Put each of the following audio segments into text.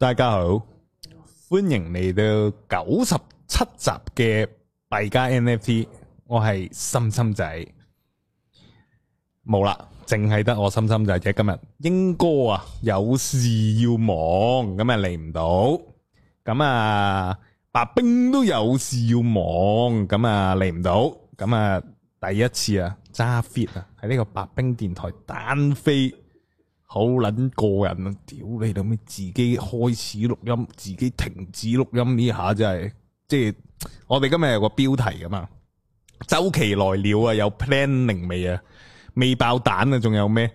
大家好，歡迎嚟到九十七集嘅幣加 NFT，我係心心仔，冇啦，淨係得我心心仔啫。今日鷹哥啊有事要忙，咁啊嚟唔到。咁啊白兵都有事要忙，咁啊嚟唔到。咁啊第一次啊揸 fit 啊喺呢個白兵電台單飛。好撚過癮啊！屌你老味，自己開始錄音，自己停止錄音呢下真係，即係我哋今日有個標題噶嘛，周期來了啊，有 planning 未啊，未爆彈啊，仲有咩？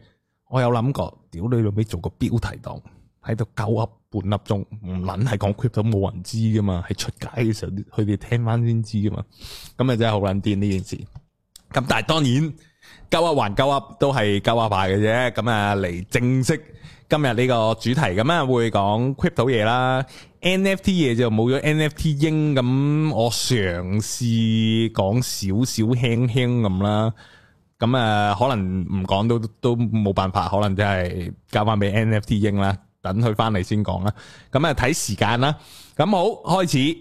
我有諗過，屌你老味，做個標題檔，喺度鳩噏半粒鐘，唔撚係講 clip 都冇人知噶嘛，係出街嘅時候，佢哋聽翻先知噶嘛，咁啊真係好撚癲呢件事，咁但係當然。鳩噏還鳩噏，都係鳩噏牌嘅啫。咁啊，嚟正式今日呢個主題咁啊，會講 Crypto 嘢啦。NFT 嘢就冇咗 NFT 英咁，我嘗試講少少輕輕咁啦。咁啊，可能唔講都都冇辦法，可能真係交翻俾 NFT 英啦，等佢翻嚟先講啦。咁啊，睇時間啦。咁好，開始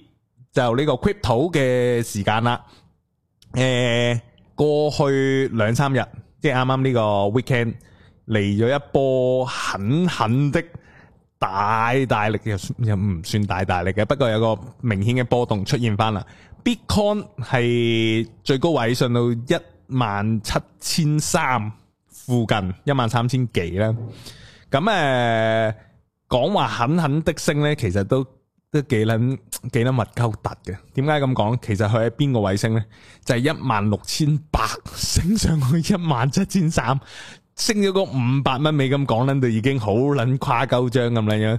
就呢個 Crypto 嘅時間啦。誒、欸。過去兩三日，即係啱啱呢個 weekend 嚟咗一波狠狠的，大大力嘅，又唔算大大力嘅，不過有個明顯的波動出現返啦。Bitcoin 係最高位上到一萬七千三附近，一萬三千幾啦。咁，呃，講話，狠狠的升咧，其實都都幾卵幾卵物鳩突嘅，點解咁講？其實佢喺邊個位升咧？就係一萬六千八升上去一萬七千三，升咗個五百蚊美金咁講，捻到已經好捻誇鳩張咁樣樣。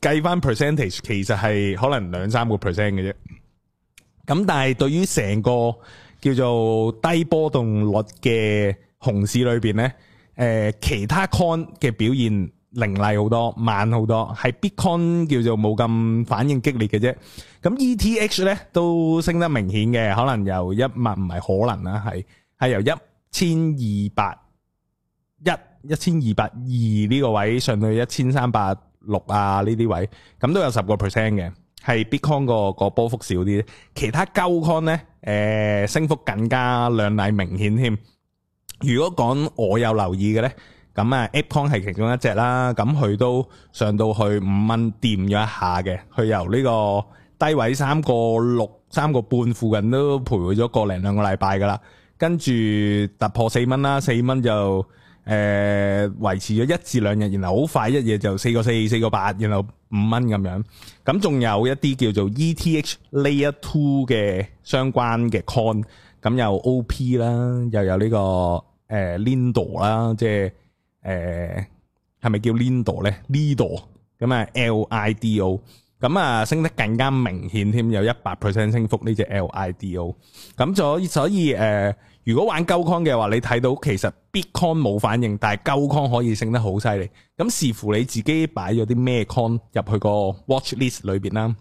計翻 percentage，其實係可能兩三個 percent 嘅啫。咁但係對於成個叫做低波動率嘅熊市裏邊咧，誒，其他 coin 嘅表現。凌厲好多，慢好多，係 Bitcoin 叫做冇咁反應激烈嘅啫。咁 ETH 咧都升得明顯嘅，可能由一萬，唔係可能啦，係係由一千二百一一千二百二呢個位上到一千三百六啊呢啲位，咁都有十個 percent 嘅，係 Bitcoin 個、嗰個波幅少啲，其他鳩 coin 咧，誒、呃、升幅更加亮麗明顯添。如果講我有留意嘅咧。咁啊，ApeCoin 係其中一隻啦，咁佢都上到去五蚊掂咗一下嘅，佢由呢個低位三個六三個半附近都徘徊咗個零兩個禮拜噶啦，跟住突破四蚊啦，四蚊就誒、呃、維持咗一至兩日，然後好快一嘢就四個四四個八，然後五蚊咁樣，咁仲有一啲叫做 ETH Layer Two 嘅相關嘅 coin 咁有 OP 啦，又有呢、這個誒、呃、Lido 啦，即係。誒，係咪叫 Lindo 咧？Lido 咁啊，LIDO 咁啊，升得更加明顯添，有一百 percent 升幅呢隻 LIDO。咁所所以誒，如果玩 Goucon 嘅話，你睇到其實 Bitcoin 冇反應，但係 Goucon 可以升得好犀利。咁視乎你自己擺咗啲咩 con 入去個 watchlist 裏邊啦。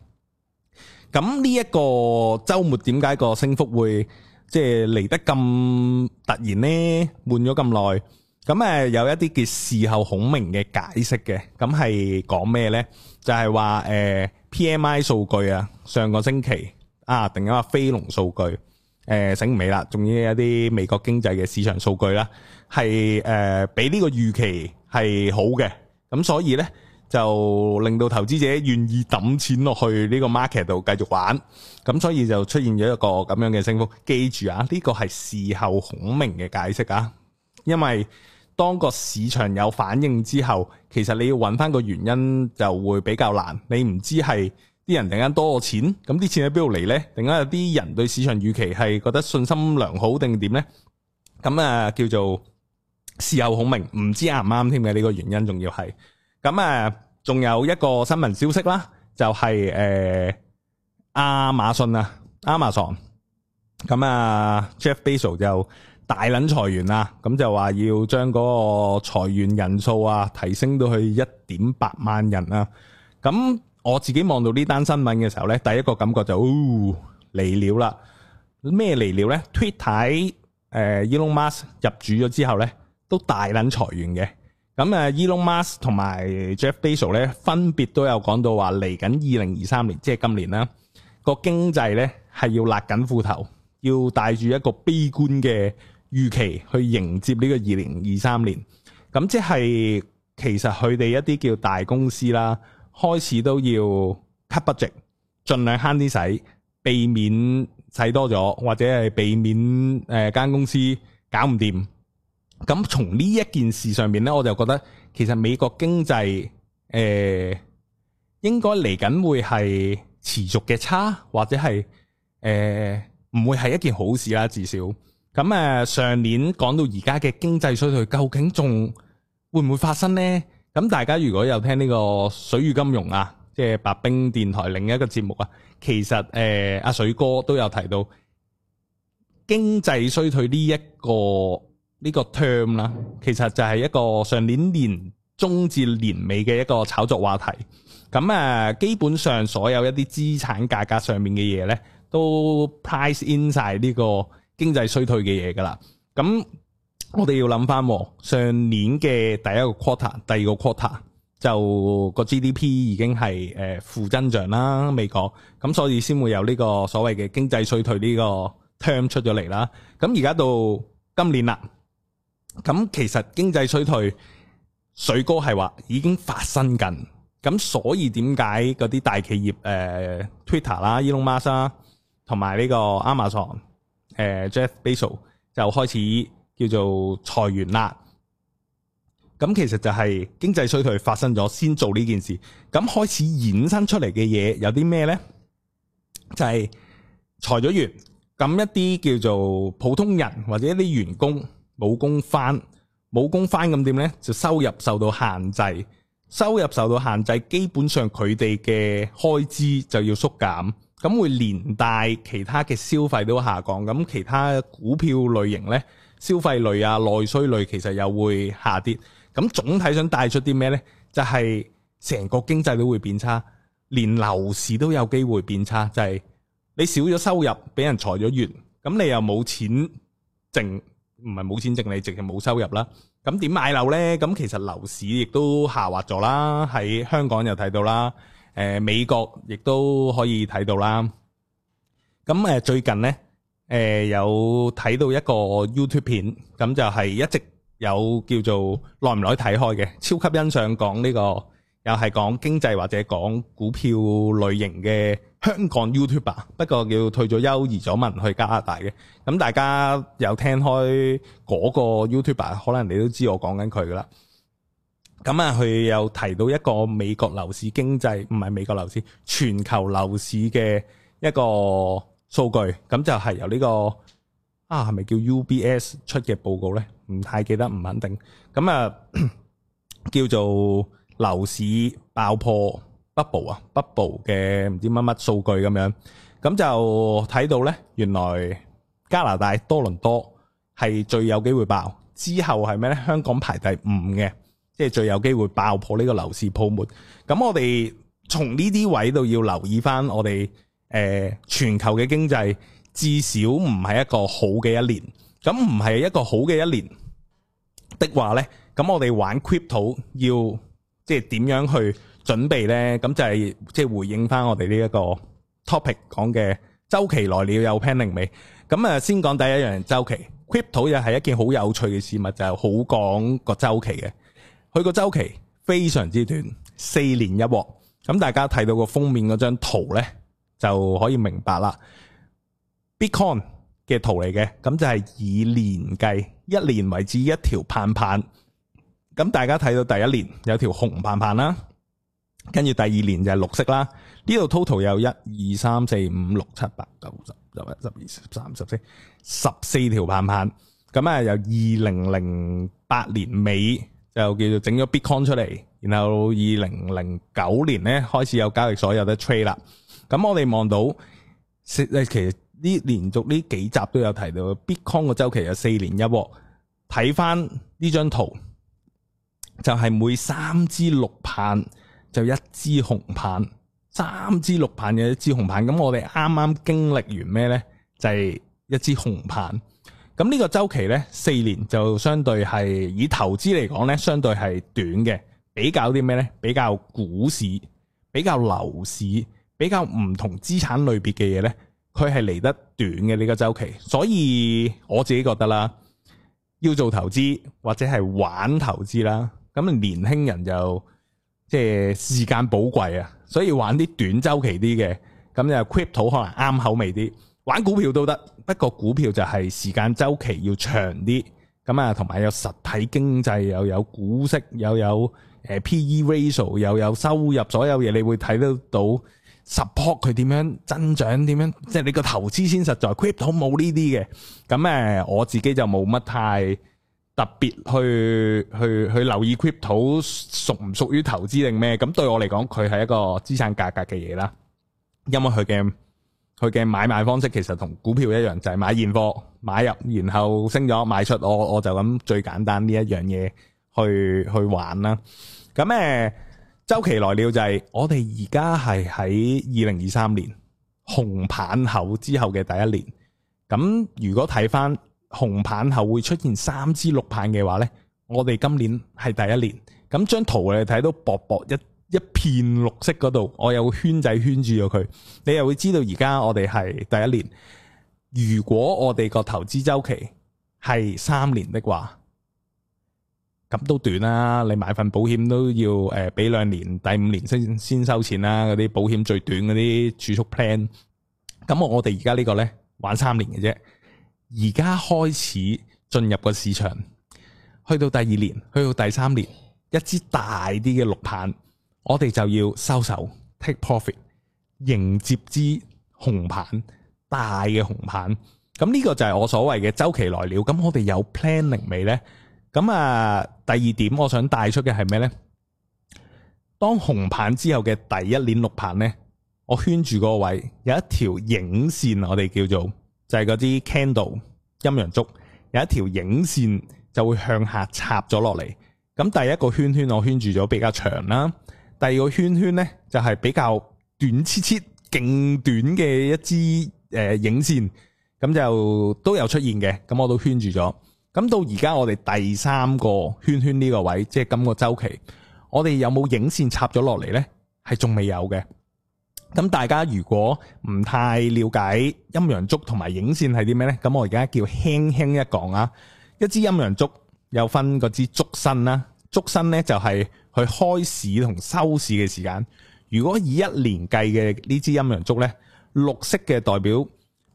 咁呢一個週末點解個升幅會即係嚟得咁突然呢？悶咗咁耐。咁誒有一啲叫事後孔明嘅解釋嘅，咁係講咩咧？就係話誒 PMI 數據啊，上個星期啊，定咗個飛龍數據，誒醒唔起啦？仲要一啲美國經濟嘅市場數據啦，係誒比呢個預期係好嘅，咁所以咧就令到投資者願意抌錢落去呢個 market 度繼續玩，咁所以就出現咗一個咁樣嘅升幅。記住啊，呢個係事後孔明嘅解釋啊，因為。當個市場有反應之後，其實你要搵翻個原因就會比較難。你唔知係啲人突然間多咗錢，咁啲錢喺邊度嚟咧？突然間有啲人對市場預期係覺得信心良好，定點咧？咁啊，叫做事後孔明，唔知啱唔啱添嘅呢個原因，仲要係。咁啊，仲有一個新聞消息啦，就係誒，亞馬遜啊，Amazon。咁啊，Jeff Bezos 就。大捻裁員啊！咁就話要將嗰個裁員人數啊提升到去一點八萬人啦。咁我自己望到呢單新聞嘅時候咧，第一個感覺就哦，嚟了啦。咩嚟了咧？Twitter 誒 Elon Musk 入主咗之後咧，都大捻裁員嘅。咁誒 Elon Musk 同埋 Jeff Bezos 咧，分別都有講到話嚟緊二零二三年，即係今年啦，個經濟咧係要勒緊褲頭，要帶住一個悲觀嘅。預期去迎接呢個二零二三年，咁即係其實佢哋一啲叫大公司啦，開始都要 cut budget，盡量慳啲使，避免使多咗或者係避免誒間、呃、公司搞唔掂。咁從呢一件事上面呢，我就覺得其實美國經濟誒、呃、應該嚟緊會係持續嘅差，或者係誒唔會係一件好事啦，至少。咁誒上年講到而家嘅經濟衰退，究竟仲會唔會發生呢？咁大家如果有聽呢個水與金融啊，即係白兵電台另一個節目啊，其實誒阿水哥都有提到經濟衰退呢一個呢個 term 啦，其實就係一個上年年中至年尾嘅一個炒作話題。咁誒基本上所有一啲資產價格上面嘅嘢呢，都 price in 晒呢個。經濟衰退嘅嘢噶啦，咁我哋要諗翻上年嘅第一個 quarter，第二個 quarter 就個 GDP 已經係誒負增長啦。美國咁，所以先會有呢個所謂嘅經濟衰退呢個 term 出咗嚟啦。咁而家到今年啦，咁其實經濟衰退水哥係話已經發生緊，咁所以點解嗰啲大企業誒、呃，Twitter 啦、Elon Musk 啦，同埋呢個 Amazon。誒、uh，Jeff Bezos 就開始叫做裁員啦。咁其實就係經濟衰退發生咗，先做呢件事。咁開始衍生出嚟嘅嘢有啲咩咧？就係、是、裁咗員，咁一啲叫做普通人或者一啲員工冇工返，冇工返咁點咧？就收入受到限制，收入受到限制，基本上佢哋嘅開支就要縮減。咁會連帶其他嘅消費都下降，咁其他股票類型咧，消費類啊、內需類其實又會下跌。咁總體想帶出啲咩咧？就係成個經濟都會變差，連樓市都有機會變差。就係你少咗收入，俾人裁咗員，咁你又冇錢淨，唔係冇錢淨，你，淨係冇收入啦。咁點買樓咧？咁其實樓市亦都下滑咗啦，喺香港又睇到啦。誒、呃、美國亦都可以睇到啦。咁、嗯、誒最近呢，誒、呃、有睇到一個 YouTube 片，咁、嗯、就係、是、一直有叫做耐唔耐睇開嘅超級欣賞講呢、這個，又係講經濟或者講股票類型嘅香港 YouTuber，不過叫退咗休移咗民去加拿大嘅。咁、嗯、大家有聽開嗰個 YouTuber，可能你都知我講緊佢噶啦。咁啊，佢又提到一個美國樓市經濟，唔係美國樓市，全球樓市嘅一個數據。咁就係由呢個啊，係咪叫 UBS 出嘅報告咧？唔太記得，唔肯定。咁啊，叫做樓市爆破 bubble 啊 bubble 嘅唔知乜乜數據咁樣。咁就睇到咧，原來加拿大多倫多係最有機會爆之後，係咩咧？香港排第五嘅。即係最有機會爆破呢個樓市泡沫。咁我哋從呢啲位度要留意翻，我哋誒全球嘅經濟至少唔係一個好嘅一年。咁唔係一個好嘅一年的話咧，咁我哋玩 crypto 要即係點樣去準備咧？咁就係即係回應翻我哋呢一個 topic 講嘅周期來了有 planning 未？咁啊，先講第一樣周期，crypto 又係一件好有趣嘅事物，就係好講個周期嘅。佢個周期非常之短，四年一鑊。咁大家睇到個封面嗰張圖咧，就可以明白啦。Bitcoin 嘅圖嚟嘅，咁就係以年計，一年為止一條棒棒。咁大家睇到第一年有一條紅棒棒啦，跟住第二年就係綠色啦。呢度 total 有一二三四五六七八九十十一十二十三十四十四條棒棒。咁啊，由二零零八年尾。就叫做整咗 Bitcoin 出嚟，然後二零零九年咧，開始有交易所有得 trade 啦。咁我哋望到，其實呢連續呢幾集都有提到 Bitcoin 嘅周期，有四年一鑊。睇翻呢張圖，就係每三支綠棒就一支紅棒，三支綠棒有一支紅棒。咁我哋啱啱經歷完咩咧？就係一支紅棒。咁呢個周期呢，四年就相對係以投資嚟講呢，相對係短嘅。比較啲咩呢？比較股市、比較樓市、比較唔同資產類別嘅嘢呢，佢係嚟得短嘅呢個周期。所以我自己覺得啦，要做投資或者係玩投資啦，咁年輕人就即係時間寶貴啊，所以玩啲短周期啲嘅，咁就 crypto 可能啱口味啲。玩股票都得，不過股票就係時間週期要長啲，咁啊同埋有實體經濟又有股息，又有誒 P/E ratio，又有，有收入，所有嘢你會睇得到 support 佢點樣增長樣，點樣即係你個投資先實在。Crypto 冇呢啲嘅，咁誒我自己就冇乜太特別去去去留意 Crypto 屬唔屬於投資定咩？咁對我嚟講，佢係一個資產價格嘅嘢啦，因為佢嘅。佢嘅買賣方式其實同股票一樣，就係、是、買現貨買入，然後升咗賣出。我我就諗最簡單呢一樣嘢去去玩啦。咁誒，週期來了就係、是、我哋而家係喺二零二三年紅棒口之後嘅第一年。咁如果睇返紅棒口會出現三支綠棒嘅話咧，我哋今年係第一年。咁張圖你睇到薄薄一。一片綠色嗰度，我有圈仔圈住咗佢，你又會知道而家我哋係第一年。如果我哋個投資週期係三年的話，咁都短啦。你買份保險都要誒俾兩年，第五年先先收錢啦。嗰啲保險最短嗰啲儲蓄 plan，咁我哋而家呢個呢，玩三年嘅啫。而家開始進入個市場，去到第二年，去到第三年，一支大啲嘅綠棒。我哋就要收手 take profit，迎接支紅棒，大嘅紅棒。咁呢個就係我所謂嘅周期來了。咁我哋有 planning 未呢？咁啊，第二點我想帶出嘅係咩呢？當紅棒之後嘅第一年綠棒呢，我圈住嗰個位有一條影線，我哋叫做就係、是、嗰啲 candle 陰陽燭，有一條影線就會向下插咗落嚟。咁第一個圈圈我圈住咗比較長啦。第二個圈圈呢，就係、是、比較短切切、勁短嘅一支誒、呃、影線，咁就都有出現嘅，咁我都圈住咗。咁到而家我哋第三個圈圈呢個位，即係咁個周期，我哋有冇影線插咗落嚟呢？係仲未有嘅。咁大家如果唔太了解陰陽燭同埋影線係啲咩呢？咁我而家叫輕輕一講啊。一支陰陽燭有分嗰支燭身啦、啊，燭身呢就係、是。去開市同收市嘅時間，如果以一年計嘅呢支陰陽燭咧，綠色嘅代表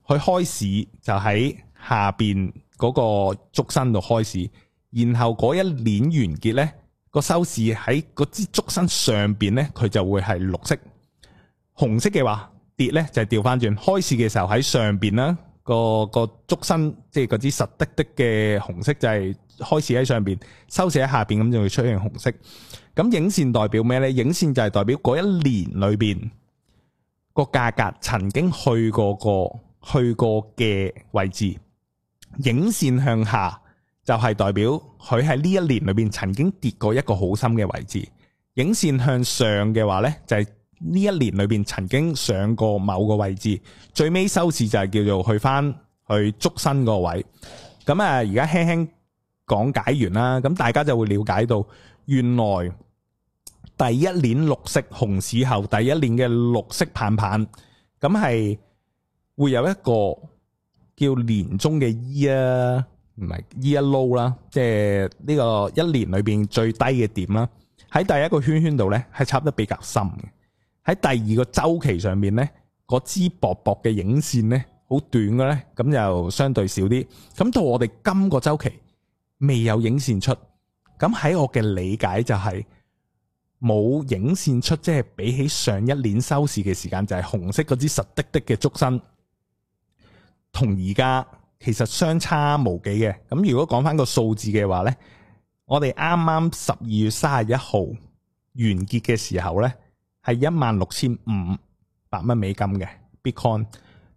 佢開市就喺下邊嗰個燭身度開市，然後嗰一年完結咧個收市喺嗰支燭身上邊咧，佢就會係綠色。紅色嘅話跌咧就調翻轉，開市嘅時候喺上邊啦，個、嗰個燭身即係嗰支實滴滴嘅紅色就係開始喺上邊，收市喺下邊咁就會出現紅色。咁影線代表咩呢？第一年綠色紅市後，第一年嘅綠色棒棒，咁係會有一個叫年中嘅 Year 啊，唔係 Year 一 Low 啦，即係呢個一年裏邊最低嘅點啦。喺第一個圈圈度咧，係插得比較深嘅。喺第二個周期上面咧，嗰支薄薄嘅影線咧，好短嘅咧，咁就相對少啲。咁到我哋今個周期未有影線出，咁喺我嘅理解就係、是。冇影線出，即係比起上一年收市嘅時間，就係、是、紅色嗰支實滴滴嘅燭身，同而家其實相差無幾嘅。咁如果講翻個數字嘅話呢，我哋啱啱十二月三十一號完結嘅時候呢，係一萬六千五百蚊美金嘅 Bitcoin。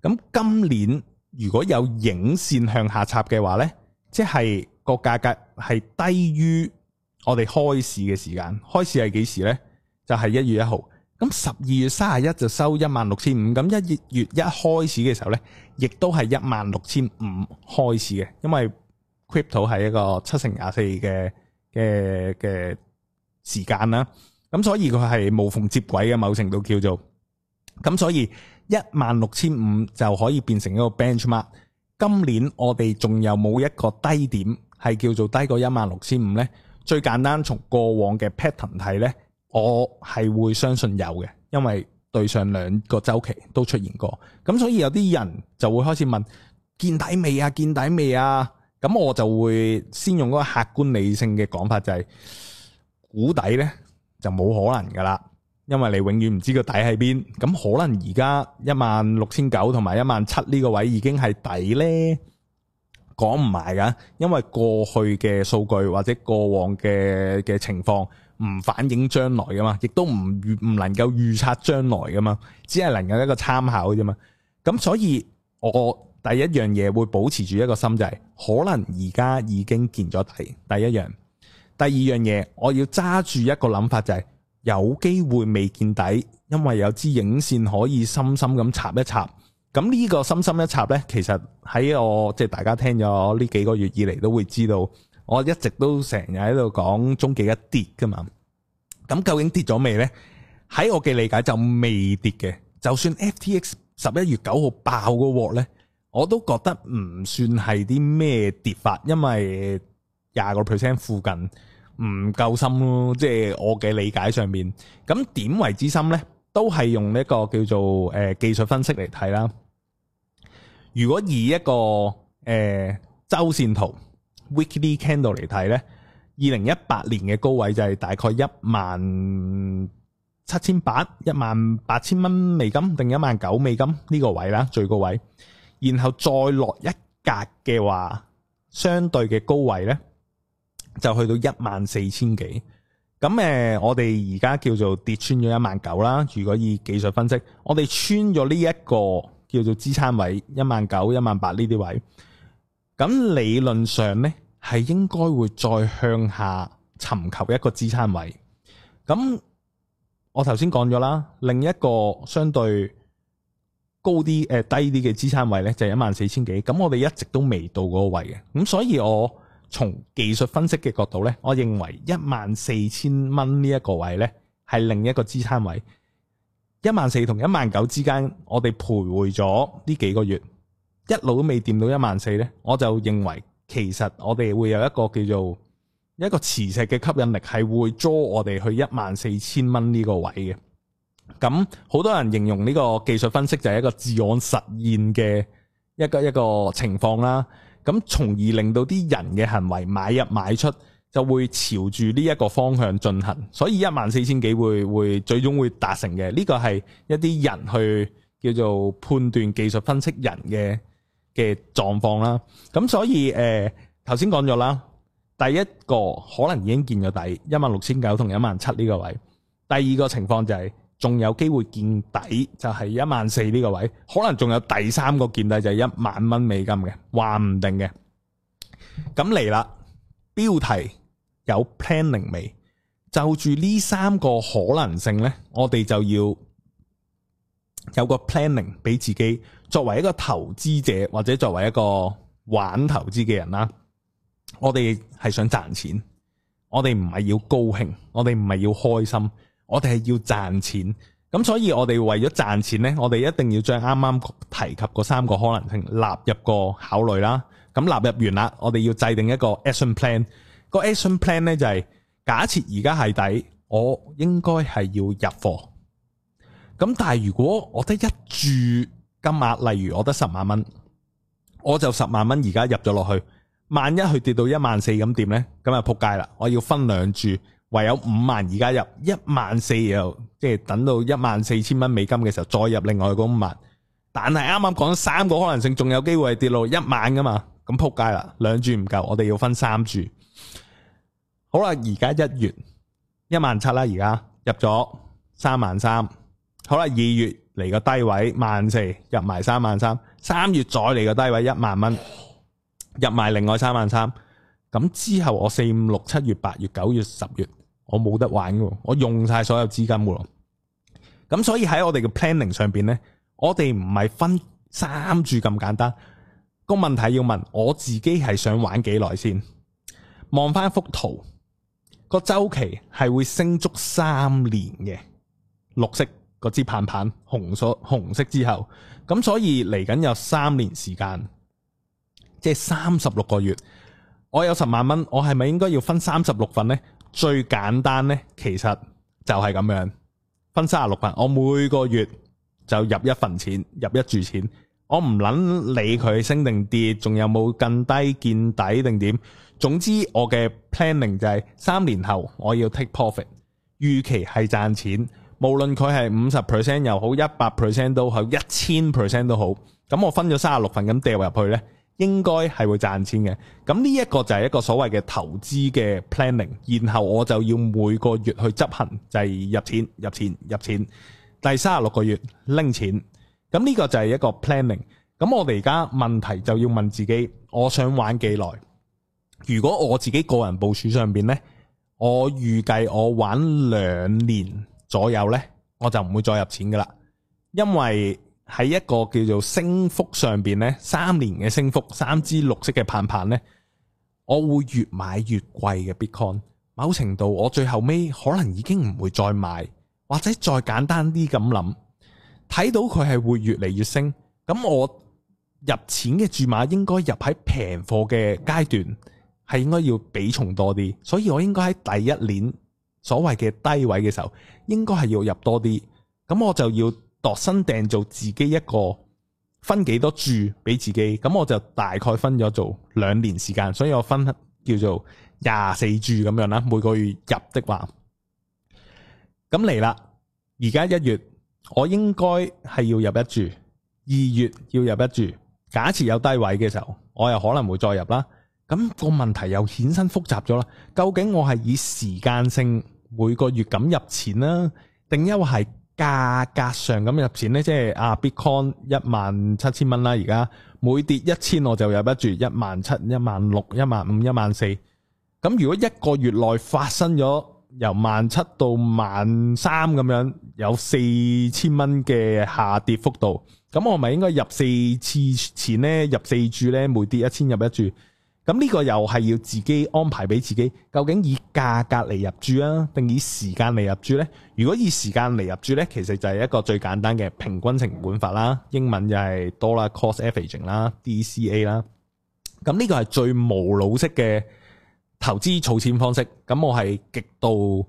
咁今年如果有影線向下插嘅話呢，即係個價格係低於。我哋開市嘅時間，開市係幾時呢？就係一月一號。咁十二月三十一就收一萬六千五。咁一月一開始嘅時候呢，亦都係一萬六千五開始嘅，因為 crypto 係一個七乘廿四嘅嘅嘅時間啦。咁所以佢係無縫接軌嘅，某程度叫做咁。所以一萬六千五就可以變成一個 benchmark。今年我哋仲有冇一個低點係叫做低過一萬六千五呢？最簡單，從過往嘅 pattern 睇呢，我係會相信有嘅，因為對上兩個週期都出現過。咁所以有啲人就會開始問：見底未啊？見底未啊？咁我就會先用嗰個客觀理性嘅講法，就係，就係估底呢就冇可能噶啦，因為你永遠唔知個底喺邊。咁可能而家一萬六千九同埋一萬七呢個位已經係底呢。講唔埋噶，因為過去嘅數據或者過往嘅嘅情況唔反映將來噶嘛，亦都唔唔能夠預測將來噶嘛，只係能夠一個參考啫嘛。咁所以我第一樣嘢會保持住一個心就係，可能而家已經見咗底。第一樣，第二樣嘢，我要揸住一個諗法就係，有機會未見底，因為有支影線可以深深咁插一插。咁呢個深深一插咧，其實喺我即係大家聽咗呢幾個月以嚟都會知道，我一直都成日喺度講終極一跌㗎嘛。咁究竟跌咗未咧？喺我嘅理解就未跌嘅。就算 FTX 十一月九號爆個鑊咧，我都覺得唔算係啲咩跌法，因為廿個 percent 附近唔夠深咯。即係我嘅理解上面，咁點為之深咧？都係用呢個叫做誒、呃、技術分析嚟睇啦。如果以一個誒、呃、周線圖 weekly candle 嚟睇呢，二零一八年嘅高位就係大概一萬七千八、一萬八千蚊美金定一萬九美金呢個位啦，最高位。然後再落一格嘅話，相對嘅高位呢，就去到一萬四千幾。咁誒，我哋而家叫做跌穿咗一萬九啦。如果以技術分析，我哋穿咗呢一個叫做支撐位一萬九、一萬八呢啲位，咁理論上呢，係應該會再向下尋求一個支撐位。咁我頭先講咗啦，另一個相對高啲、誒、呃、低啲嘅支撐位呢，就係一萬四千幾。咁我哋一直都未到嗰個位嘅，咁所以我，從技術分析嘅角度呢，我認為一萬四千蚊呢一個位呢，係另一個支撐位。一萬四同一萬九之間，我哋徘徊咗呢幾個月，一路都未掂到一萬四呢。我就認為其實我哋會有一個叫做一個磁石嘅吸引力，係會捉我哋去一萬四千蚊呢個位嘅。咁好多人形容呢個技術分析就係一個自我實現嘅一個一個情況啦。咁，從而令到啲人嘅行為買入買出就會朝住呢一個方向進行，所以一萬四千幾會會最終會達成嘅。呢個係一啲人去叫做判斷技術分析人嘅嘅狀況啦。咁所以誒，頭先講咗啦，第一個可能已經見咗底一萬六千九同一萬七呢個位，第二個情況就係。仲有機會見底，就係一萬四呢個位，可能仲有第三個見底就係一萬蚊美金嘅，話唔定嘅。咁嚟啦，標題有 planning 未？就住呢三個可能性呢，我哋就要有個 planning 俾自己，作為一個投資者或者作為一個玩投資嘅人啦。我哋係想賺錢，我哋唔係要高興，我哋唔係要開心。我哋係要賺錢，咁所以我哋為咗賺錢呢，我哋一定要將啱啱提及嗰三個可能性納入個考慮啦。咁納入完啦，我哋要制定一個 action plan。個 action plan 呢就係假設而家係底，我應該係要入貨。咁但係如果我得一注金額，例如我得十萬蚊，我就十萬蚊而家入咗落去。萬一佢跌到一萬四咁點呢？咁啊撲街啦！我要分兩注。唯有五萬而家入一萬四又即係等到一萬四千蚊美金嘅時候再入另外嗰五萬，但係啱啱講三個可能性，仲有機會係跌落一萬噶嘛？咁扑街啦，兩注唔夠，我哋要分三注。好啦，而家一月一萬七啦，而家入咗三萬三。好啦，二月嚟個低位萬四，入埋三萬三。三月再嚟個低位一萬蚊，入埋另外三萬三。咁之後我四五六七月八月九月十月。我冇得玩嘅，我用晒所有資金嘅。咁所以喺我哋嘅 planning 上邊呢，我哋唔係分三注咁簡單，個問題要問我自己係想玩幾耐先？望翻幅圖，個周期係會升足三年嘅，綠色個支棒棒紅咗紅色之後，咁所以嚟緊有三年時間，即係三十六個月，我有十萬蚊，我係咪應該要分三十六份呢？最簡單呢，其實就係咁樣，分卅六份，我每個月就入一份錢，入一注錢，我唔撚理佢升定跌，仲有冇更低見底定點。總之我嘅 planning 就係三年後我要 take profit，預期係賺錢，無論佢係五十 percent 又好，一百 percent 都好，一千 percent 都好，咁我分咗卅六份咁掉入去呢。應該係會賺錢嘅，咁呢一個就係一個所謂嘅投資嘅 planning，然後我就要每個月去執行，就係、是、入錢、入錢、入錢。第三十六個月拎錢，咁呢個就係一個 planning。咁我哋而家問題就要問自己，我想玩幾耐？如果我自己個人部署上邊呢，我預計我玩兩年左右呢，我就唔會再入錢噶啦，因為。喺一個叫做升幅上邊呢，三年嘅升幅，三支綠色嘅棒棒呢，我會越買越貴嘅 Bitcoin。某程度我最後尾可能已經唔會再買，或者再簡單啲咁諗，睇到佢係會越嚟越升，咁我入錢嘅注碼應該入喺平貨嘅階段，係應該要比重多啲，所以我應該喺第一年所謂嘅低位嘅時候，應該係要入多啲，咁我就要。度身訂做自己一個分幾多注俾自己，咁我就大概分咗做兩年時間，所以我分叫做廿四注咁樣啦。每個月入的話，咁嚟啦。而家一月我應該係要入一注，二月要入一注。假設有低位嘅時候，我又可能會再入啦。咁、那個問題又衍生複雜咗啦。究竟我係以時間性每個月咁入錢啦，定因為係？價格上咁入錢呢，即係啊，Bitcoin 一萬七千蚊啦，而家每跌一千我就入一注，一萬七、一萬六、一萬五、一萬四。咁如果一個月內發生咗由萬七到萬三咁樣，有四千蚊嘅下跌幅度，咁我咪應該入四次錢呢，入四注呢，每跌一千入一注。咁呢個又係要自己安排俾自己，究竟以價格嚟入住啊，定以時間嚟入住呢？如果以時間嚟入住呢，其實就係一個最簡單嘅平均成本法啦，英文就係 Dollar Cost Averaging 啦，DCA 啦、啊。咁、這、呢個係最無腦式嘅投資儲錢方式，咁我係極度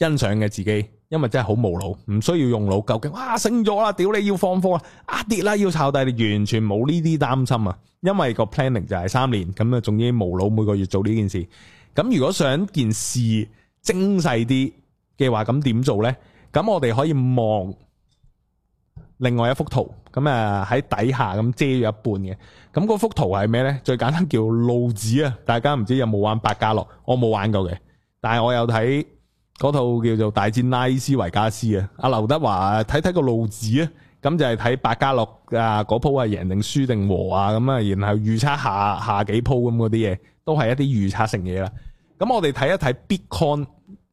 欣賞嘅自己。因為真係好無腦，唔需要用腦。究竟哇升咗啦，屌你要放貨啊，跌啦，要炒底，你完全冇呢啲擔心啊。因為個 planning 就係三年，咁啊仲要無腦每個月做呢件事。咁如果想件事精細啲嘅話，咁點做呢？咁我哋可以望另外一幅圖，咁啊喺底下咁遮咗一半嘅。咁嗰幅圖係咩呢？最簡單叫路紙啊！大家唔知有冇玩百家樂，我冇玩過嘅，但係我有睇。嗰套叫做《大戰拉斯維加斯》啊，阿劉德華睇睇個路子啊，咁就係睇百家樂啊，嗰鋪係贏定輸定和啊咁啊，然後預測下下幾鋪咁嗰啲嘢，都係一啲預測性嘢啦。咁我哋睇一睇 Bitcoin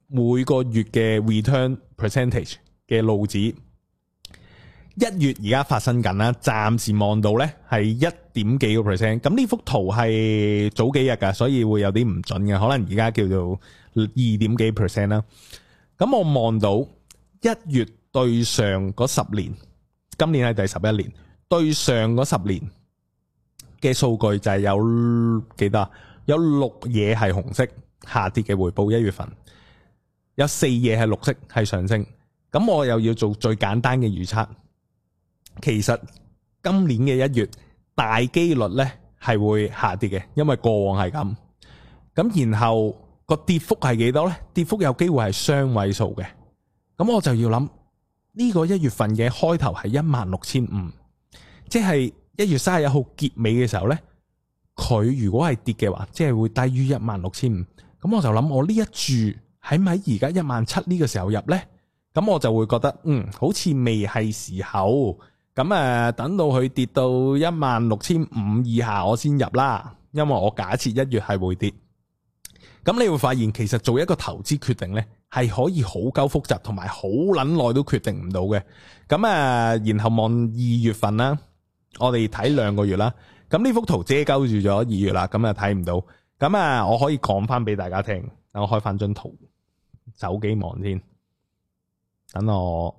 每個月嘅 Return Percentage 嘅路子。一月而家發生緊啦，暫時望到呢係一點幾個 percent。咁呢幅圖係早幾日噶，所以會有啲唔準嘅，可能而家叫做二點幾 percent 啦。咁我望到一月對上嗰十年，今年係第十一年，對上嗰十年嘅數據就係有幾多？有六嘢係紅色下跌嘅回報，一月份有四嘢係綠色係上升。咁我又要做最簡單嘅預測。其實今年嘅一月大機率呢係會下跌嘅，因為過往係咁。咁然後個跌幅係幾多呢？跌幅有機會係雙位數嘅。咁我就要諗呢個一月份嘅開頭係一萬六千五，即係一月三十一號結尾嘅時候呢，佢如果係跌嘅話，即係會低於一萬六千五。咁我就諗我呢一注喺咪而家一萬七呢個時候入呢？咁我就會覺得嗯，好似未係時候。咁誒、嗯，等到佢跌到一萬六千五以下，我先入啦。因為我假設一月係會跌，咁你會發現其實做一個投資決定呢，係可以好鳩複雜，同埋好捻耐都決定唔到嘅。咁、嗯、誒，然後望二月份啦，我哋睇兩個月啦。咁呢幅圖遮鳩住咗二月啦，咁啊睇唔到。咁啊，我可以講翻俾大家聽。等我開翻張圖，走幾忙先，等我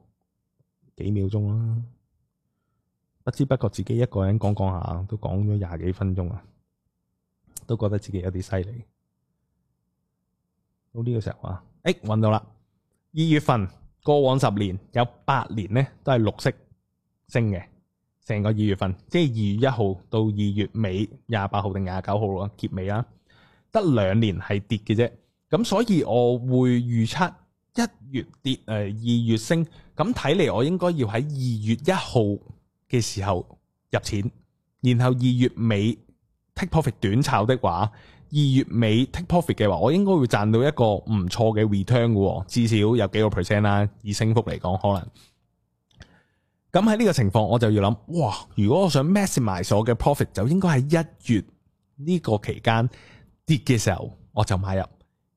幾秒鐘啦。不知不覺自己一個人講講下，都講咗廿幾分鐘啊，都覺得自己有啲犀利。到呢個時候啊，誒、欸，搵到啦。二月份過往十年有八年呢都係綠色升嘅，成個二月份，即係二月一號到二月尾廿八號定廿九號啦，結尾啦，得兩年係跌嘅啫。咁所以我會預測一月跌，誒二月升。咁睇嚟，我應該要喺二月一號嘅時候入錢，然後二月尾 take profit 短炒的話，二月尾 take profit 嘅話，我應該會賺到一個唔錯嘅 return 嘅喎，至少有幾個 percent 啦。以升幅嚟講，可能咁喺呢個情況，我就要諗哇。如果我想 maximize 我嘅 profit，就應該喺一月呢個期間跌嘅時候我就買入，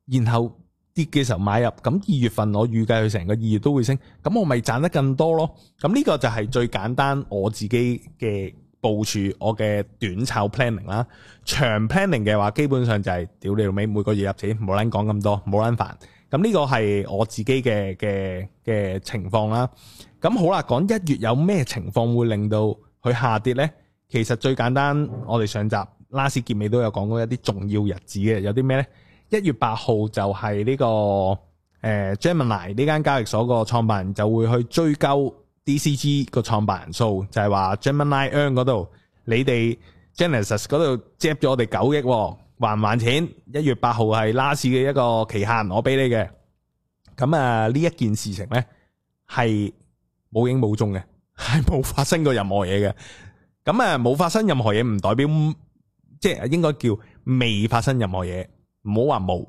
然後。跌嘅時候買入，咁二月份我預計佢成個二月都會升，咁我咪賺得更多咯。咁呢個就係最簡單我自己嘅部署，我嘅短炒 planning 啦，長 planning 嘅話，基本上就係屌你老尾每個月入錢，冇撚講咁多，冇撚煩。咁呢個係我自己嘅嘅嘅情況啦。咁好啦，講一月有咩情況會令到佢下跌呢？其實最簡單，我哋上集 last 結尾都有講過一啲重要日子嘅，有啲咩呢？一月八號就係呢、這個誒、呃、Gemini 呢間交易所個創辦人就會去追究 DCG 個創辦人數，就係、是、話 Gemini Earn 嗰度，你哋 Genesis 嗰度借咗我哋九億喎，還唔還錢？一月八號係 last 嘅一個期限，我俾你嘅。咁啊呢一件事情咧係冇影冇蹤嘅，係冇發生過任何嘢嘅。咁啊冇發生任何嘢，唔代表即係應該叫未發生任何嘢。唔好話冇，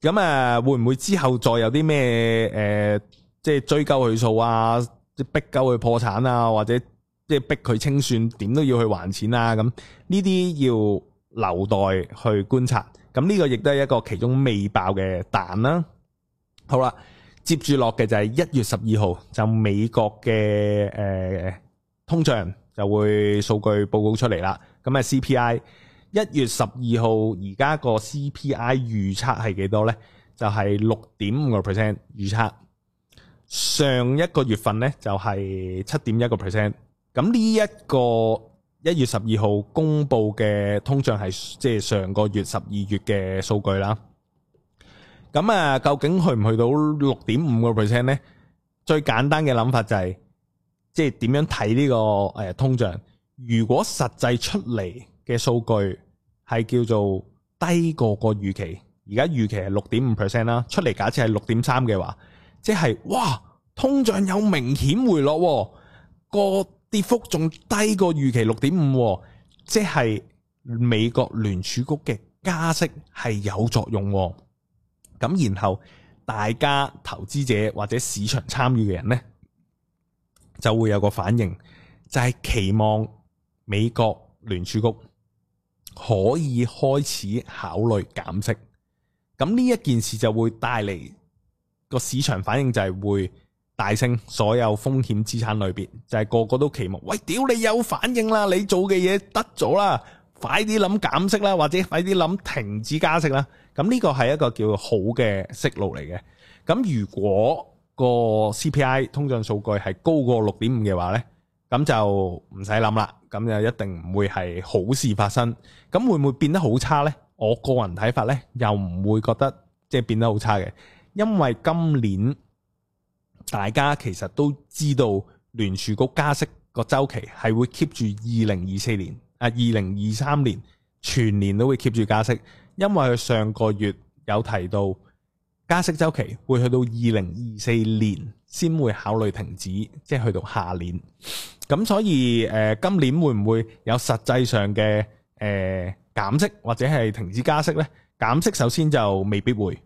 咁啊會唔會之後再有啲咩誒，即、呃、係、就是、追鳩佢數啊，即逼鳩佢破產啊，或者即係逼佢清算，點都要去還錢啊？咁呢啲要留待去觀察。咁呢個亦都係一個其中未爆嘅彈啦。好啦，接住落嘅就係一月十二號，就美國嘅誒、呃，通脹就會數據報告出嚟啦。咁啊 CPI。一月十二號而家個 CPI 預測係幾多呢？就係六點五個 percent 預測，上一個月份呢就係七點一個 percent。咁呢一個一月十二號公布嘅通脹係即係上個月十二月嘅數據啦。咁啊，究竟去唔去到六點五個 percent 呢？最簡單嘅諗法就係，即係點樣睇呢個誒通脹？如果實際出嚟嘅數據。係叫做低過個預期，而家預期係六點五 percent 啦，出嚟假設係六點三嘅話，即係哇，通脹有明顯回落，個跌幅仲低過預期六點五，即係美國聯儲局嘅加息係有作用。咁然後大家投資者或者市場參與嘅人呢，就會有個反應，就係期望美國聯儲局。可以開始考慮減息，咁呢一件事就會帶嚟個市場反應就係會大升所有風險資產類別，就係個個都期望，喂，屌你有反應啦，你做嘅嘢得咗啦，快啲諗減息啦，或者快啲諗停止加息啦，咁呢個係一個叫好嘅息路嚟嘅。咁如果個 CPI 通脹數據係高過六點五嘅話呢？咁就唔使諗啦，咁就一定唔會係好事發生。咁會唔會變得好差呢？我個人睇法呢，又唔會覺得即係變得好差嘅，因為今年大家其實都知道聯儲局加息個週期係會 keep 住二零二四年啊，二零二三年全年都會 keep 住加息，因為佢上個月有提到加息週期會去到二零二四年。先會考慮停止，即係去到下年。咁所以誒，今年會唔會有實際上嘅誒減息或者係停止加息呢？減息首先就未必會，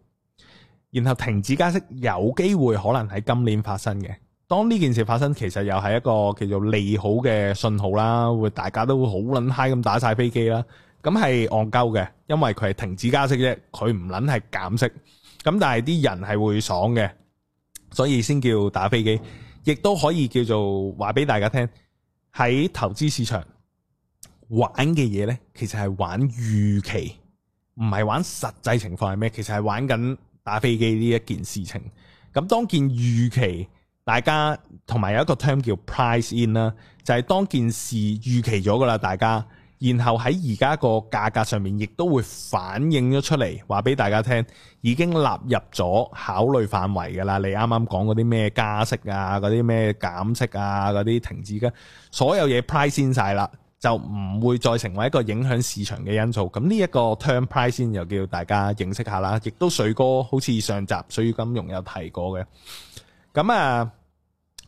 然後停止加息有機會可能喺今年發生嘅。當呢件事發生，其實又係一個叫做利好嘅信號啦，會大家都會好撚 high 咁打曬飛機啦。咁係戇鳩嘅，因為佢係停止加息啫，佢唔撚係減息。咁但係啲人係會爽嘅。所以先叫打飛機，亦都可以叫做話俾大家聽，喺投資市場玩嘅嘢呢，其實係玩預期，唔係玩實際情況係咩？其實係玩緊打飛機呢一件事情。咁當件預期，大家同埋有一個 term 叫 price in 啦，就係當件事預期咗噶啦，大家。然後喺而家個價格上面，亦都會反映咗出嚟，話俾大家聽，已經納入咗考慮範圍㗎啦。你啱啱講嗰啲咩加息啊，嗰啲咩減息啊，嗰啲停止嘅，所有嘢 price in 曬啦，就唔會再成為一個影響市場嘅因素。咁呢一個 term price in 又叫大家認識下啦，亦都水哥好似上集水魚金融有提過嘅。咁啊，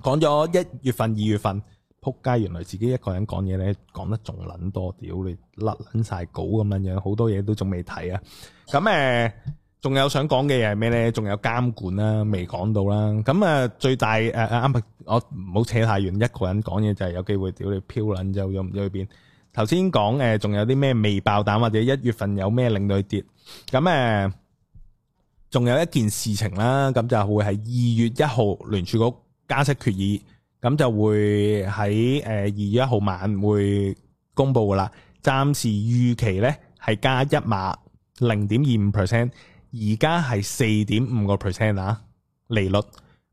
講咗一月份、二月份。扑街！原來自己一個人講嘢咧，講得仲撚多，屌你甩撚晒稿咁樣樣，好多嘢都仲未睇啊！咁、嗯、誒，仲有想講嘅嘢係咩咧？仲有監管啦，未講到啦。咁、嗯、啊，最大誒誒，啱、啊啊、我唔好扯太遠，一個人講嘢就係有機會屌你飄撚，又唔又去邊。頭先講誒，仲、嗯、有啲咩未爆彈或者一月份有咩領隊跌？咁、嗯、誒，仲、嗯、有一件事情啦，咁就會係二月一號聯儲局加息決議。咁就會喺誒二月一號晚會公布噶啦。暫時預期呢係加一碼零點二五 percent，而家係四點五個 percent 啊利率。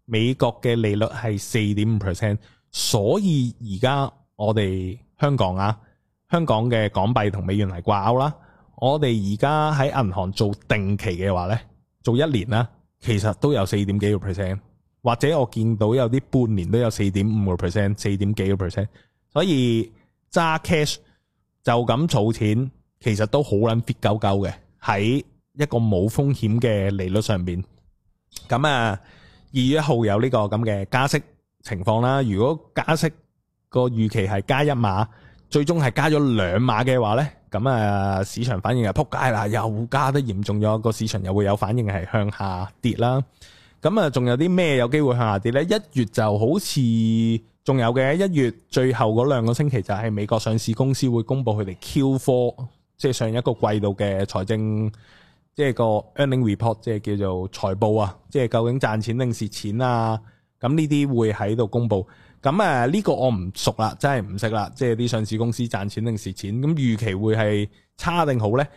美國嘅利率係四點五 percent，所以而家我哋香港啊，香港嘅港幣同美元係掛鈎啦。我哋而家喺銀行做定期嘅話呢，做一年啦，其實都有四點幾個 percent。或者我見到有啲半年都有四點五個 percent，四點幾個 percent，所以揸 cash 就咁儲錢，其實都好捻 fit 九九嘅，喺一個冇風險嘅利率上邊。咁啊，二月一號有呢個咁嘅加息情況啦。如果加息個預期係加一碼，最終係加咗兩碼嘅話咧，咁啊，市場反應係扑街啦，又加得嚴重咗，個市場又會有反應係向下跌啦。咁啊，仲有啲咩有機會向下跌咧？一月就好似仲有嘅，一月最後嗰兩個星期就係美國上市公司會公佈佢哋 Q4，即係上一個季度嘅財政，即係個 earning report，即係叫做財報啊！即係究竟賺錢定蝕錢啊？咁呢啲會喺度公布。咁啊，呢個我唔熟啦，真係唔識啦。即係啲上市公司賺錢定蝕錢，咁預期會係差定好咧？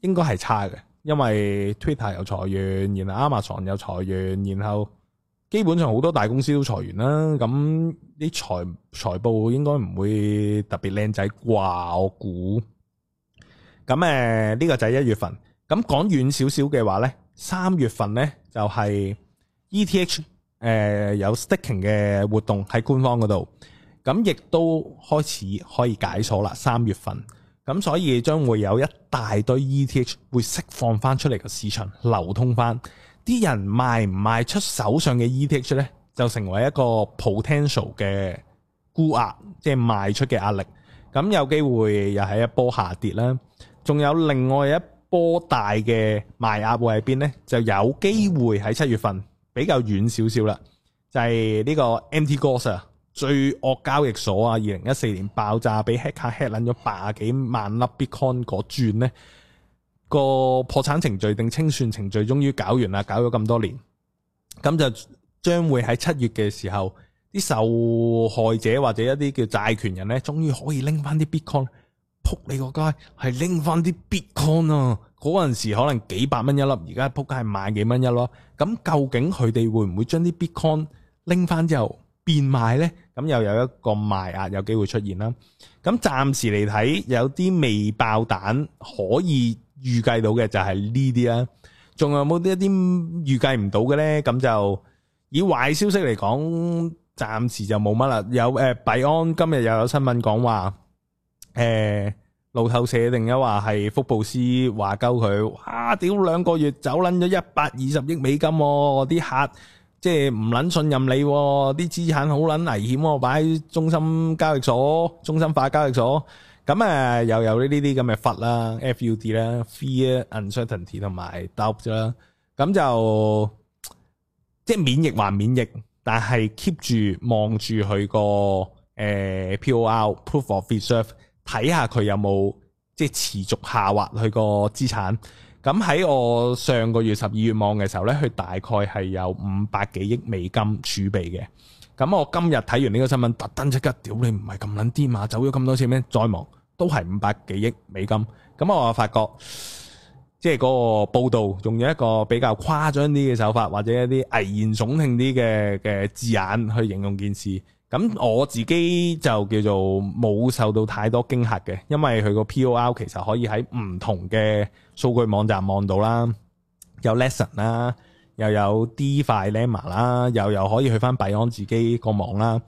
應該係差嘅。因為 Twitter 又裁員，然後亞馬遜又裁員，然後基本上好多大公司都裁員啦。咁啲財財報應該唔會特別靚仔啩，我估。咁誒，呢、呃這個就係一月份。咁講遠少少嘅話咧，三月份咧就係、是、ETH 誒、呃、有 sticking 嘅活動喺官方嗰度，咁亦都開始可以解鎖啦。三月份。咁所以將會有一大堆 ETH 會釋放翻出嚟嘅市場流通翻，啲人賣唔賣出手上嘅 ETH 咧，就成為一個 potential 嘅沽壓，即係賣出嘅壓力。咁有機會又係一波下跌啦。仲有另外一波大嘅賣壓會喺邊咧？就有機會喺七月份比較遠少少啦，就係呢個 Mt. Gox 啊。最惡交易所啊！二零一四年爆炸，俾黑客 hack 撚咗八十幾萬粒 Bitcoin 嗰轉咧，呢個破產程序定清算程序終於搞完啦，搞咗咁多年，咁就將會喺七月嘅時候，啲受害者或者一啲叫債權人咧，終於可以拎翻啲 Bitcoin，撲你個街，係拎翻啲 Bitcoin 啊！嗰陣時可能幾百蚊一粒，而家撲街係萬幾蚊一粒，咁究竟佢哋會唔會將啲 Bitcoin 拎翻之後變賣咧？咁又有一個賣壓有機會出現啦。咁暫時嚟睇，有啲未爆彈可以預計到嘅就係呢啲啦。仲有冇一啲預計唔到嘅咧？咁就以壞消息嚟講，暫時就冇乜啦。有誒，幣安今日又有新聞講話，誒路透社定咗話係福布斯話鳩佢，哇！屌兩個月走撚咗一百二十億美金，我啲客。即係唔撚信任你，啲資產好撚危險喎，擺喺中心交易所、中心化交易所，咁啊又有呢啲咁嘅法啦、FUD 啦、Fear、Uncertainty 同埋 Doubt 啦，咁就即係免疫還免疫，但係 keep、呃、住望住佢個誒 POR Proof of Reserve，睇下佢有冇即係持續下滑佢個資產。咁喺我上個月十二月望嘅時候咧，佢大概係有五百幾億美金儲備嘅。咁我今日睇完呢個新聞，特登即刻屌你唔係咁撚癲嘛，走咗咁多錢咩？再望都係五百幾億美金。咁我發覺即係嗰個報道用咗一個比較誇張啲嘅手法，或者一啲危言聳聽啲嘅嘅字眼去形容件事。咁我自己就叫做冇受到太多驚嚇嘅，因為佢個 POL 其實可以喺唔同嘅數據網站望到啦，有 Lesson 啦，又有 DeFi Llama 啦，又又可以去返幣安自己個網啦。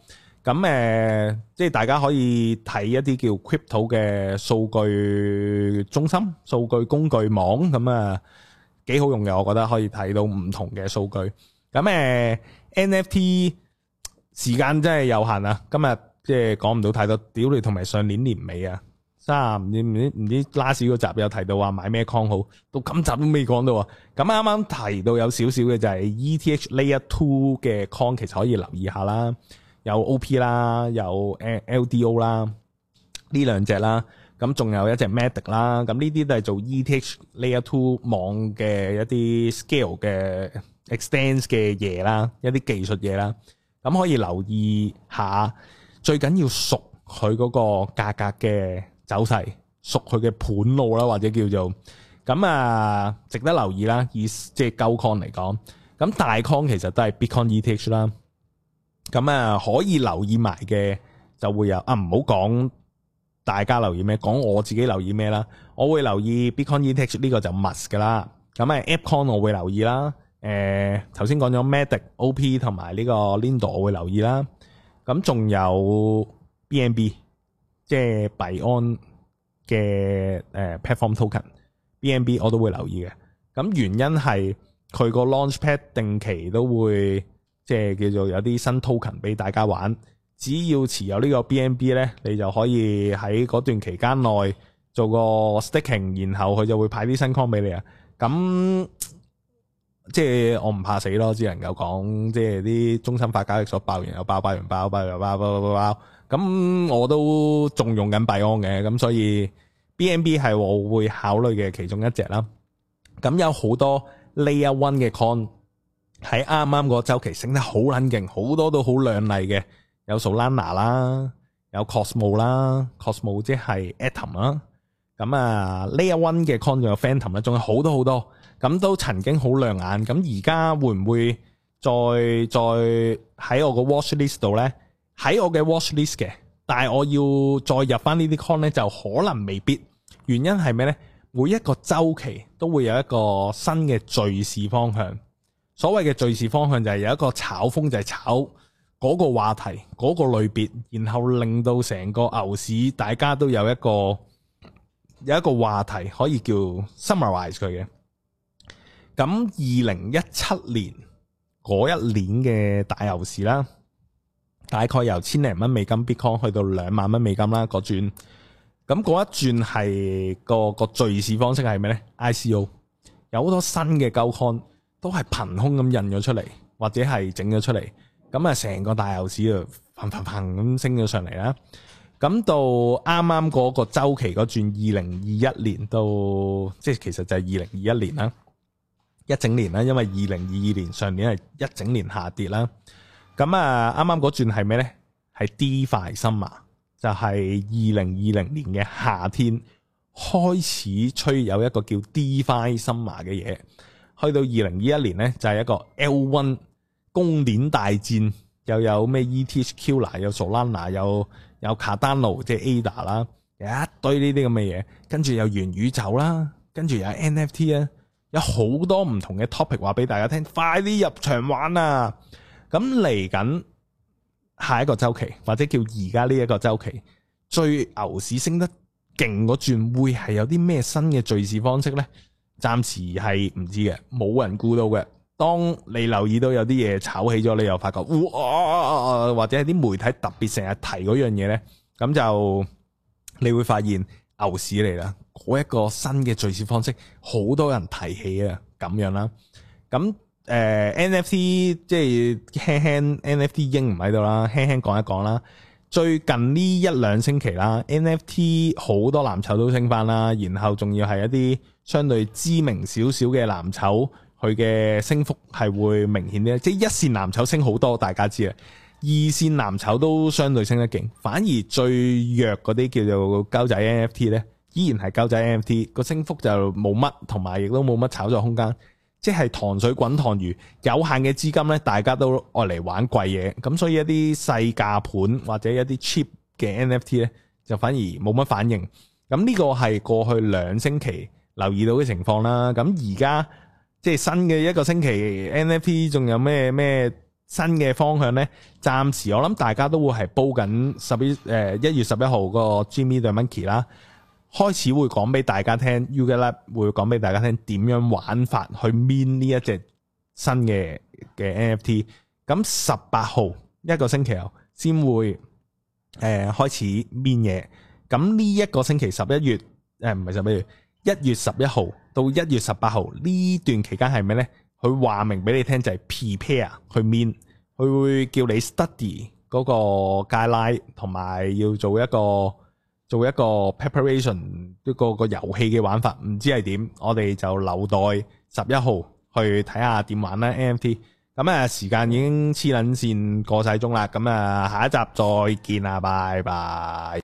咁誒，即係大家可以睇一啲叫 Crypto 嘅數據中心、數據工具網，咁啊，幾好用嘅，我覺得可以睇到唔同嘅數據。咁誒 NFT。時間真係有限啊！今日即係講唔到太多。屌你同埋上年年尾啊，三唔知唔知 last 個集有提到話買咩 Con 好，到今集都未講到。啊、嗯。咁啱啱提到有少少嘅就係 ETH layer two 嘅礦，其實可以留意下啦。有 OP 啦，有 LDO 啦，呢兩隻啦。咁、嗯、仲有一隻 Matic 啦。咁呢啲都係做 ETH layer two 網嘅一啲 scale 嘅 extends 嘅嘢啦，一啲技術嘢啦。咁可以留意下，最緊要熟佢嗰個價格嘅走勢，熟佢嘅盤路啦，或者叫做咁啊，值得留意啦。以即係舊 coin 嚟講，咁大 coin 其實都係 Bitcoin ETH 啦。咁啊，可以留意埋嘅就會有啊，唔好講大家留意咩，講我自己留意咩啦。我會留意 Bitcoin ETH 呢個就密㗎啦。咁啊，App Coin 我會留意啦。誒頭先講咗 Matic，呃、Matic, OP 同埋呢個 Lindo 我會留意啦。咁仲有 BNB，即係幣安嘅誒 platform token，BNB 我都會留意嘅。咁原因係佢個 launchpad 定期都會即係，就是，叫做有啲新 token 俾大家玩。只要持有個 BNB 呢個 BNB 咧，你就可以喺嗰段期間內做個 sticking，然後佢就會派啲新 coin 俾你啊。咁即係我唔怕死咯，只能夠講，即係啲中心化交易所爆完又爆，爆完爆，爆完爆，爆，爆，爆爆爆爆，咁我都仲用緊幣安嘅，咁所以 B N B 係我會考慮嘅其中一隻啦。咁有好多 Layer One 嘅 Con 喺啱啱個周期升得好撚勁，好多都好靚麗嘅，有 Solana 啦、啊，有 Cosmo 啦，Cosmo 即係 Atom 啦，咁啊 Layer One 嘅 Con 仲有 Fantom 啦，仲有好多好多。咁都曾經好亮眼，咁而家會唔會再再喺我個 watch list 度咧？喺我嘅 watch list 嘅，但係我要再入返呢啲 coin 咧，就可能未必。原因係咩咧？每一個週期都會有一個新嘅敘事方向。所謂嘅敘事方向就係有一個炒風，就係炒嗰個話題、嗰個類別，然後令到成個牛市大家都有一個有一個話題可以叫 summarise 佢嘅。咁二零一七年嗰一年嘅大牛市啦，大概由千零蚊美金 Bitcoin 去到兩萬蚊美金啦，個轉咁嗰一轉係個個敘事方式係咩咧？ICO 有好多新嘅高刊都係憑空咁印咗出嚟，或者係整咗出嚟，咁啊成個大牛市就嘭嘭嘭咁升咗上嚟啦。咁到啱啱嗰個周期嗰轉，二零二一年到，即係其實就係二零二一年啦。一整年啦，因為二零二二年上年係一整年下跌啦。咁、嗯、啊，啱啱嗰轉係咩呢？係 DeFi 森麻，就係二零二零年嘅夏天開始吹有一個叫 DeFi 森麻嘅嘢，去到二零二一年呢，就係一個 L1 公鏈大戰，又有咩 ETHQ 啦，有 Solana，有有 c a r 即係 a d a 啦，一堆呢啲咁嘅嘢，跟住有元宇宙啦，跟住有 NFT 啊。有好多唔同嘅 topic 話俾大家聽，快啲入場玩啊！咁嚟緊下一個周期，或者叫而家呢一個周期，最牛市升得勁嗰轉，會係有啲咩新嘅敘事方式呢？暫時係唔知嘅，冇人估到嘅。當你留意到有啲嘢炒起咗，你又發覺，哦哦、或者係啲媒體特別成日提嗰樣嘢呢，咁就你會發現。牛市嚟啦！嗰一個新嘅敘事方式，好多人提起啊，咁樣啦。咁誒、呃、NFT 即係輕輕 NFT 鷹唔喺度啦，輕輕講一講啦。最近呢一兩星期啦，NFT 好多藍籌都升返啦，然後仲要係一啲相對知名少少嘅藍籌，佢嘅升幅係會明顯啲，即係一線藍籌升好多，大家知啊。二線藍籌都相對升得勁，反而最弱嗰啲叫做交仔 NFT 咧，依然係交仔 NFT 個升幅就冇乜，同埋亦都冇乜炒作空間，即係塘水滾塘魚，有限嘅資金咧，大家都愛嚟玩貴嘢，咁所以一啲細價盤或者一啲 cheap 嘅 NFT 咧，就反而冇乜反應。咁呢個係過去兩星期留意到嘅情況啦。咁而家即係新嘅一個星期 NFT 仲有咩咩？新嘅方向呢，暫時我諗大家都會係煲緊十一誒一月十一號嗰個 Jimmy 對 monkey 啦，開始會講俾大家聽，Uglap You get 會講俾大家聽點樣玩法去 mean 呢一隻新嘅嘅 NFT。咁十八號一個星期後先會誒、呃、開始面嘢。咁呢一個星期十一月誒，唔係十一月，一、呃、月十一號到一月十八號呢段期間係咩呢？佢話明俾你聽就係 prepare 去面，佢會叫你 study 嗰個 guideline，同埋要做一個做一個 preparation，一個個遊戲嘅玩法唔知係點，我哋就留待十一號去睇下點玩啦 NFT。咁啊，時間已經黐撚線過曬鐘啦，咁啊下一集再見啦，拜拜。